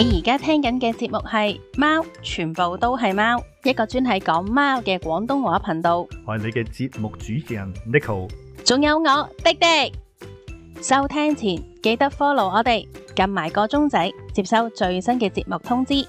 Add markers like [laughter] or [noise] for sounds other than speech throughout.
你而家聽緊嘅節目係《貓》，全部都係貓，一個專係講貓嘅廣東話頻道。我係你嘅節目主持人 Neko，仲有我廸廸。收聽前記得 follow 我哋，撳埋個鐘仔，接收最新嘅節目通知。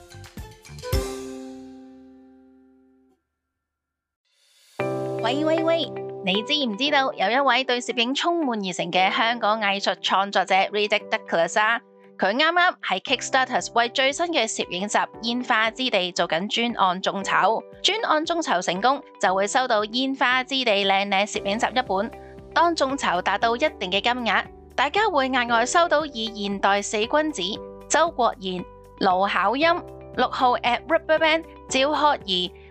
喂喂喂，你知唔知道有一位對攝影充滿熱誠嘅香港藝術創作者 Richard Douglas 啊？佢啱啱喺 Kickstarters 為最新嘅攝影集《煙花之地》做緊專案眾籌，專案眾籌成功就會收到《煙花之地美美》靚靚攝影集一本。當眾籌達到一定嘅金額，大家會額外收到以現代四君子、周國賢、盧巧音、六號 at Rubberband、趙學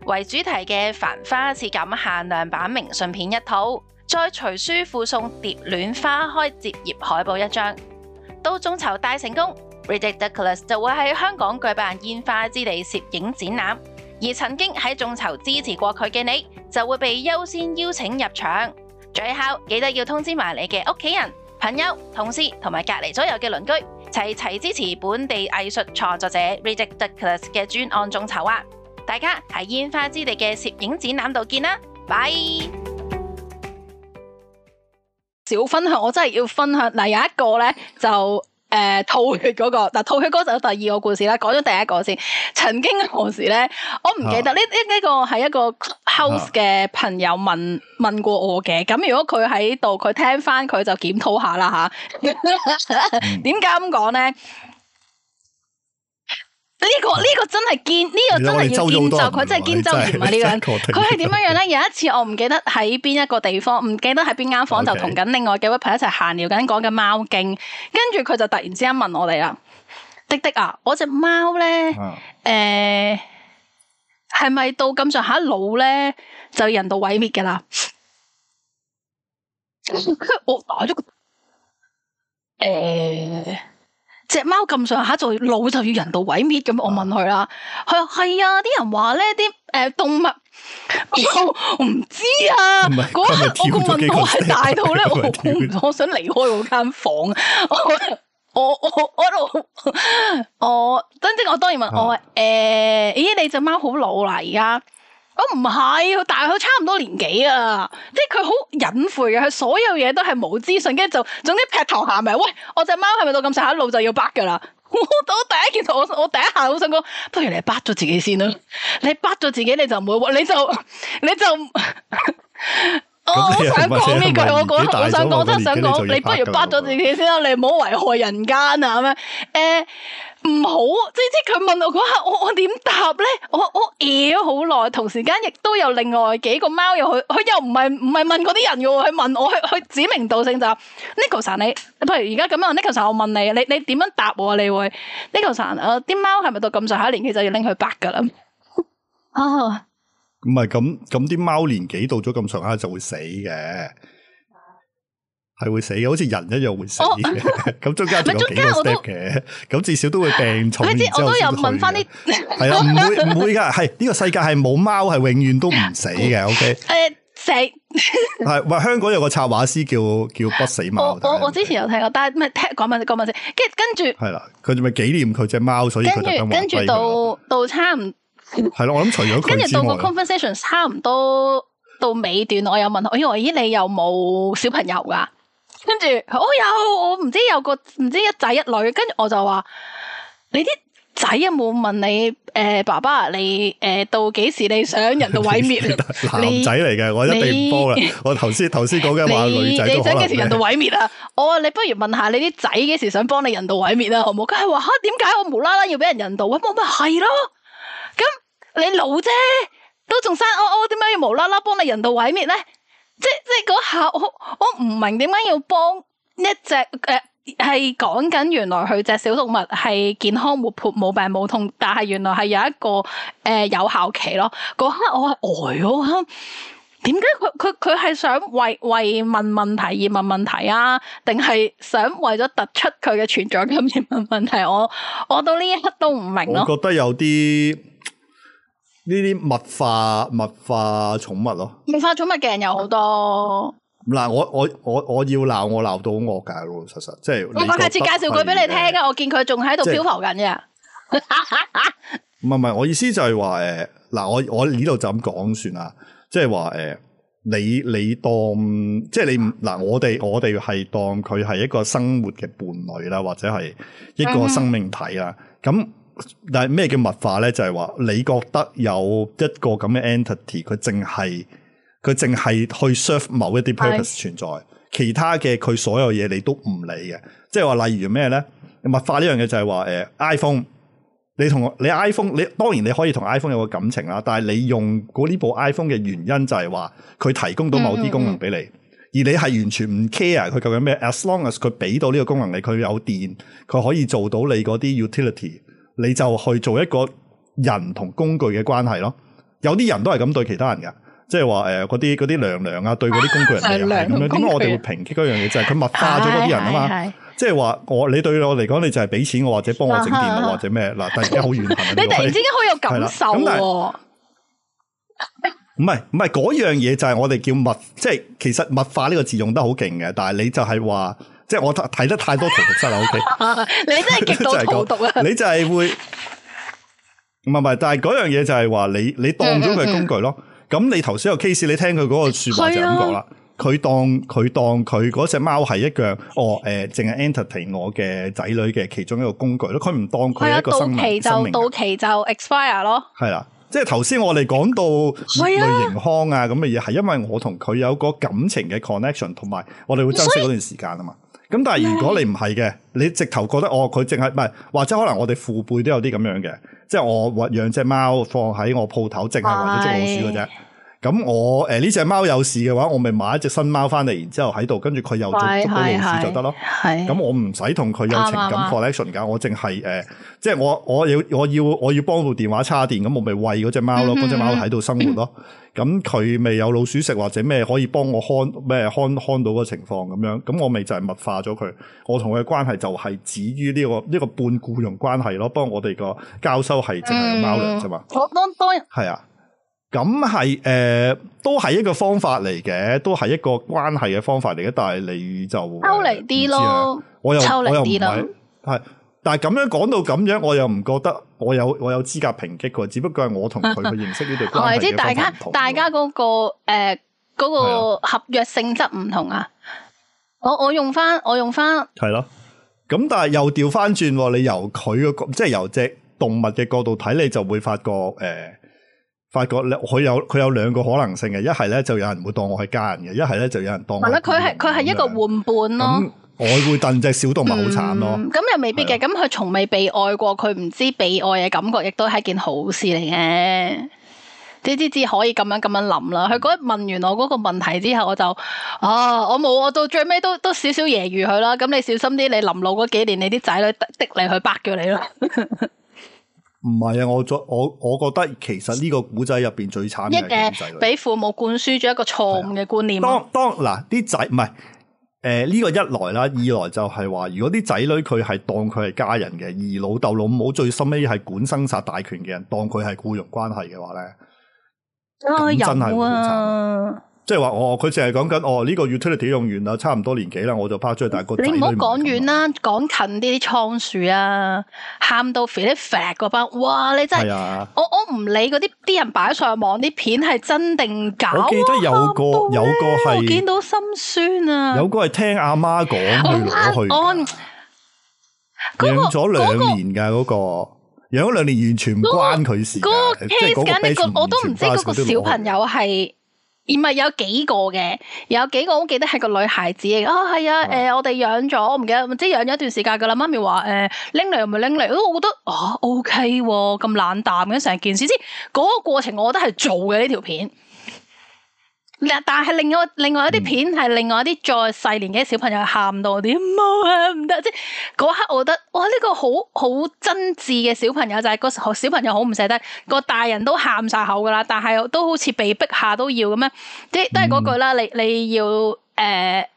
而為主題嘅繁花似錦限量版明信片一套，再隨書附送《蝶戀花開》折葉海報一張。到眾籌大成功 Ridiculous 就會喺香港舉辦煙花之地攝影展覽，而曾經喺眾籌支持過佢嘅你，就會被優先邀請入場。最後記得要通知埋你嘅屋企人、朋友、同事同埋隔籬左右嘅鄰居，齊齊支持本地藝術創作者 Ridiculous 嘅專案眾籌啊！大家喺煙花之地嘅攝影展覽度見啦，拜！少分享，我真係要分享嗱，有一個咧就誒、呃、吐血嗰、那個，嗱吐血哥就係第二個故事啦，講咗第一個先。曾經何時咧，我唔記得呢呢呢個係一個 house 嘅朋友問、啊、問過我嘅，咁如果佢喺度，佢聽翻佢就檢討下啦吓？點解咁講咧？呢、這個呢、這個真係堅，呢、這個真係要堅就佢真係堅周賢啊！呢個人佢係點樣樣咧？有一次我唔記得喺邊一個地方，唔記得喺邊間房就同緊另外幾位朋友一齊閒聊緊講緊貓經，跟住佢就突然之間問我哋啦：，嗯、滴滴啊，我隻貓咧，誒、嗯，係咪、呃、到咁上下老咧就人道毀滅噶啦？ [laughs] [laughs] 我打咗個誒。呃隻貓咁上下就老就要人道毀滅咁，我問佢啦，佢話係啊，啊，啲人話咧啲誒動物，喔、我唔知啊。嗰刻、喔、我個問號係大到咧，我我想離開嗰間房，我我我我都我，真正我，我，我，我，我當然問、啊、我誒、呃，咦你隻貓好老啦而家。我唔係，但係佢差唔多年紀啊，即係佢好隱晦嘅，佢所有嘢都係冇資訊，跟住就總之劈頭下咪，喂，我隻貓係咪到咁上下路就要剝噶啦？ [laughs] 我到第一件事，我我第一下好想講，不如你剝咗自己先啦，你剝咗自己你就唔會，你就你就， [laughs] 我好想講呢句，我講我想講真係想講，你不如剝咗自己先啦， [laughs] 你唔好遺害人間啊咁樣，誒。呃唔好，即係佢問我嗰刻，我我點答咧？我我嘢咗好耐，同時間亦都有另外幾個貓又去，佢又唔係唔係問嗰啲人嘅，佢問我，佢佢指名道姓就話 Neko 你，不如而家咁樣 Neko，我問你，你你點樣答我？你會 Neko，誒，啲貓係咪到咁上下年紀就要拎佢白噶啦？啊，唔係咁，咁啲貓年紀到咗咁上下就會死嘅。係會死嘅，好似人一樣會死嘅。咁、哦、 [laughs] 中間仲有幾 step 嘅，咁至少都會病重，然之後去世。我都有問翻啲，係啊，唔 [laughs] [laughs] 會唔會噶，係呢、這個世界係冇貓係永遠都唔死嘅。OK，誒、呃、死，係 [laughs] 話 [laughs] 香港有個插畫師叫叫不死貓。我我之前有睇過，但係唔係聽講文講跟住係啦，佢就咪紀念佢隻貓，所以佢咁樣。跟住到到差唔係咯，我諗除咗跟住到個 conversation 差唔多到尾段，我有問，我以為，咦，你有冇小朋友噶？跟住我有，我唔知有個唔知一仔一女，跟住我就話你啲仔有冇問你誒爸爸，你誒到幾時你想人道毀滅？男仔嚟嘅，我一定唔幫嘅。我頭先頭先講嘅話，女仔都可能你仔幾時人道毀滅啊？我話你不如問下你啲仔幾時想幫你人道毀滅啊？好唔好？佢係話吓，點解我無啦啦要俾人人道？我咪係咯。咁你老啫，都仲生屙屙，點解要無啦啦幫你人道毀滅咧？即係即係，嗰下我，我我唔明點解要幫一隻，誒，係講緊原來佢隻小動物係健康活潑，冇病冇痛，但係原來係有一個誒、呃、有效期咯。嗰刻我係呆咗，點解佢佢佢係想為為問問題而問問題啊？定係想為咗突出佢嘅存在感而問問題？我我到呢一刻都唔明咯。我覺得有啲。呢啲物化物化寵物咯，物化寵物嘅人有好多。嗱，我我我我要鬧我鬧到惡架咯，實實即係我上次介紹佢俾你聽啊，呃、我見佢仲喺度漂浮緊嘅。唔係唔係，我意思就係話誒，嗱，我我呢度就咁講算、欸、啦，即係話誒，你你當即係你嗱，我哋我哋係當佢係一個生活嘅伴侶啦，或者係一個生命體啦，咁、嗯。但係咩叫物化咧？就係話你覺得有一個咁嘅 entity，佢淨係佢淨係去 serve 某一啲 purpose 存在，其他嘅佢所有嘢你都唔理嘅。即係話例如咩咧？物化呢樣嘢就係話，誒、呃、iPhone，你同你 iPhone，你當然你可以同 iPhone 有個感情啦。但係你用嗰呢部 iPhone 嘅原因就係話，佢提供到某啲功能俾你，嗯嗯嗯，而你係完全唔 care 佢究竟咩。As long as 佢俾到呢個功能你，佢有電，佢可以做到你嗰啲 utility。你就去做一個人同工具嘅關係咯，有啲人都係咁對其他人嘅，即係話誒嗰啲嗰啲娘娘啊，對嗰啲工具人係啊，咁樣點解我哋會抨擊嗰樣嘢？就係、是、佢物化咗嗰啲人啊嘛，即係話我你對我嚟講，你就係俾錢我或者幫我整電腦、啊啊、或者咩嗱，突然間好怨恨， [laughs] 你突然之間好有感受。唔係，唔係嗰樣嘢就係我哋叫物，即、就、係、是、其實物化呢個字用得好勁嘅，但係你就係話。即係我睇得太多荼毒真係 OK， [laughs] 你真係極度荼毒啊！ [laughs] 你就係會唔係唔係？但係嗰樣嘢，就係話你你當咗佢工具咯。咁 [laughs] 你頭先個 case，你聽佢嗰個說話就咁講啦。佢是、啊、當佢當佢嗰隻貓係一個，哦、誒，淨係 entertain 我嘅仔女嘅其中一個工具咯。佢唔當佢係一個生命。啊、到期就到期就 expire 咯。係啦、啊，即係頭先我哋講到類型康啊咁嘅嘢，係是、啊、因為我同佢有個感情嘅 connection，同埋我哋會珍惜嗰會段時間啊嘛。咁但係如果你唔係嘅，你直頭覺得哦，佢淨係唔係？或者可能我哋父輩都有啲咁樣嘅，即係我養隻貓放喺我鋪頭，淨係為咗捉老鼠嘅啫。咁我誒呢隻貓有事嘅話，我咪買一隻新貓翻嚟，然之後喺度，跟住佢又捉是是是捉到老鼠就得咯。係是是、嗯。咁我唔使同佢有情感 connection 噶是、呃啊，我淨係誒，即係我我要我要我要幫部電話叉電，咁我咪餵嗰隻貓咯，嗰隻貓喺度生活咯。咁佢未有老鼠食或者咩可以幫我看咩看看，看到個情況咁樣，咁我咪就係物化咗佢。我同佢嘅關係就係止於呢、這個呢、這個這個半僱傭關係咯。不過我哋個交收係淨係貓糧啫嘛。當當係啊。嗯咁係誒都係一個方法嚟嘅，都係一個關係嘅方法嚟嘅。但係你就抽離啲咯，我又抽離啲咯，我又唔係係，但係咁樣講到咁樣，我又唔覺得我有我有資格抨擊佢。只不過係我同佢去認識呢條關係即係大家大家嗰、嗰個誒、呃嗰個合約性質唔同啊！ [laughs] 我我用翻我用翻係咯。咁但係又調翻轉，你由佢嘅即係由隻動物嘅角度睇，你就會發覺誒。呃發覺咧，佢有佢有兩個可能性嘅，一係咧就有人會當我係家人嘅，一係咧就有人當我人。係咯、嗯，佢係佢係一個玩伴咯。咁樣、嗯、我會戥隻小動物好慘咯。咁又、嗯、未必嘅，咁佢從未被愛過，佢唔知被愛嘅感覺，亦都係一件好事嚟嘅。你、啲你可以咁樣、咁樣諗啦。佢嗰問完我嗰個問題之後，我就啊，我冇，我到最尾都都少少揶揄佢啦。咁你小心啲，你臨老嗰幾年，你啲仔女得嚟去巴叫你咯。 [laughs] 唔係啊！我咗我我覺得其實呢個古仔入邊最慘嘅，一俾父母灌輸咗一個錯誤嘅觀念。啊、當當嗱啲仔唔係誒呢個一來啦，二來就係話如果啲仔女佢係當佢係家人嘅，而老豆老母最深屘係管生殺大權嘅人，當佢係雇傭關係嘅話咧，咁、啊、真係好即係話我佢淨係講緊哦呢個 utility 用完啦，差唔多年紀啦，我就拍出去。帶個仔。你唔好講遠啦，講近啲啲倉鼠啊喊到肥 d 肥嗰班，哇你真係我我唔理嗰啲啲人擺上網啲片係真定假。我記得有個有個係我見到心酸啊，有個係聽阿媽講去攞去。養咗兩年噶，嗰個養咗兩年完全唔關佢事。嗰個 case 間我都唔知嗰個小朋友係。而唔係有幾個嘅，有幾個我記得係個女孩子嚟嘅。哦，係啊，誒我哋養咗，我唔記得唔知養咗一段時間噶啦。媽咪話誒拎嚟又咪拎嚟，我覺得啊 OK 喎、啊，咁冷淡嘅成件事，即係嗰個過程，我覺得係做嘅呢條片。但係另外，另外一啲片係另外一啲再細年嘅小朋友喊到我點冇啊，唔得！即係嗰刻，我覺得哇，呢、這個好好真摯嘅小朋友就係、是、個小朋友好唔捨得，個大人都喊晒口噶啦，但係都好似被逼下都要咁樣，即係都係嗰句啦，嗯、你你要誒。呃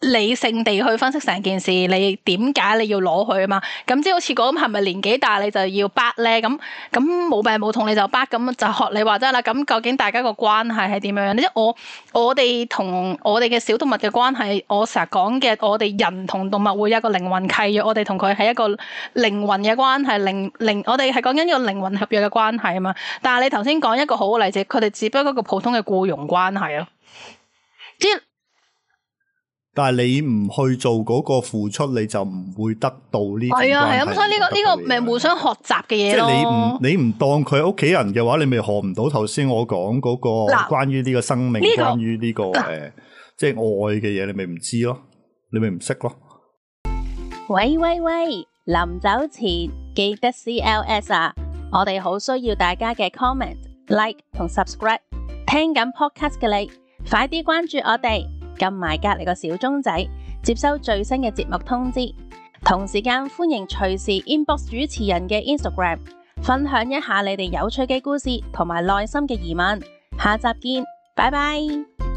理性地去分析成件事，你點解你要攞佢啊嘛？咁即係好似嗰咁，係咪年紀大你就要 bye 咧？咁咁冇病冇痛你就 bye，咁就學你話齋啦。咁究竟大家個關係係點樣？即我我哋同我哋嘅小動物嘅關係，我成日講嘅我哋人同動物會有一個靈魂契約，我哋同佢係一個靈魂嘅關係，靈靈我哋係講緊一個靈魂合約嘅關係啊嘛。但係你頭先講一個好嘅例子，佢哋只不過一個普通嘅僱傭關係咯，即但係你唔去做嗰個付出，你就唔會得到呢。係啊，係啊，咁，所以呢個呢個咪互相學習嘅嘢，即係你唔你唔當佢屋企人嘅話，你咪學唔到頭先我講嗰個關於呢個生命、這個、關於呢個誒、呃，即係愛嘅嘢，你咪唔知咯，你咪唔識咯。喂喂喂！臨走前記得 CLS 啊！我哋好需要大家嘅 comment、like 同 subscribe。聽緊 podcast 嘅你，快啲關注我哋。撳埋隔籬個小鐘仔，接收最新嘅節目通知。同時間，歡迎隨時 inbox 主持人嘅 Instagram，分享一下你哋有趣嘅故事同埋內心嘅疑問。下集見，拜拜。